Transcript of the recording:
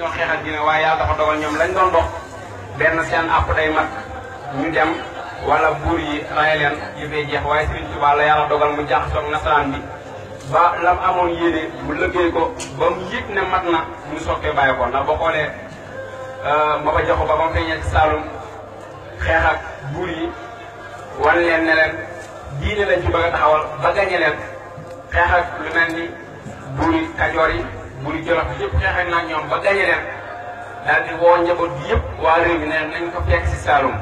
ñoo xeexal dina waaye yàlla dafa dogal ñoom lañ doon benn seen a day mat ñu dem wala buur yi ray leen yëfee jeex waaye Sëriñ Tuubaa la yàlla dogal mu jax soog nasaraan bi ba lam amoon yéene mu lëggéey ko ba mu yëg ne mat na mu sokkee bàyyi ko ndax ba xoolee euh, Maba Jaxu Ba ba mu feeñee ci Saalum xeex ak yi wan leen ne leen lañ ci bëgg a taxawal ba gañe leen xeex ak lu mel ni buri jolof yëpp xeexee na ñoom ba gañe leen daal di woo njaboot bi yëpp waa réew mi ne nañ ko fekk si Saloum